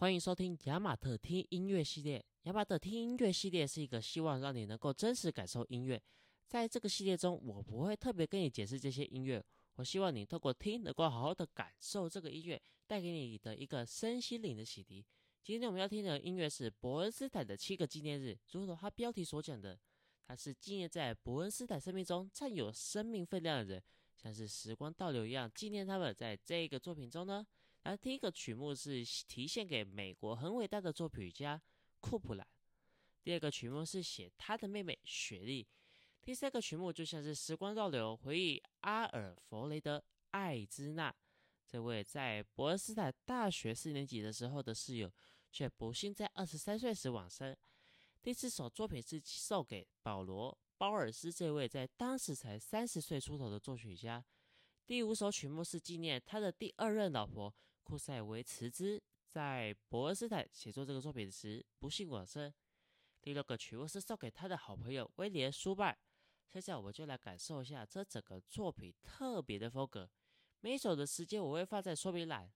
歡迎收聽雅馬特聽音樂系列。雅馬特聽音樂系列是一個希望讓你能夠真實感受音樂。在這個系列中，我不會特別跟你解釋這些音樂，我希望你透過聽，能夠好好的感受這個音樂帶給你的一個身心靈的洗滌。今天我們要聽的音樂是伯恩斯坦的《七個紀念日》，如同他標題所講的，他是紀念在伯恩斯坦生命中佔有生命分量的人，像是時光倒流一樣紀念他們。在這個作品中呢。而第一個曲目是題獻給美國很偉大的作曲家庫普蘭，第二個曲目是寫他的妹妹雪莉，第三個曲目就像是時光倒流，回憶阿爾弗雷德艾茲納這位在伯恩斯坦大學四年級的時候的室友，卻不幸在二十三歲時往生。第四首作品是獻給保羅鮑爾斯，這位在當時才三十歲出頭的作曲家，第五首曲目是紀念他的第二任老婆，庫塞維茨之在伯恩斯坦寫作這個作品時不幸往生。第六個曲目是送給他的好朋友威廉·蘇拜。現在我們就來感受一下這整個作品特別的風格。每一首的時間我會放在說明欄。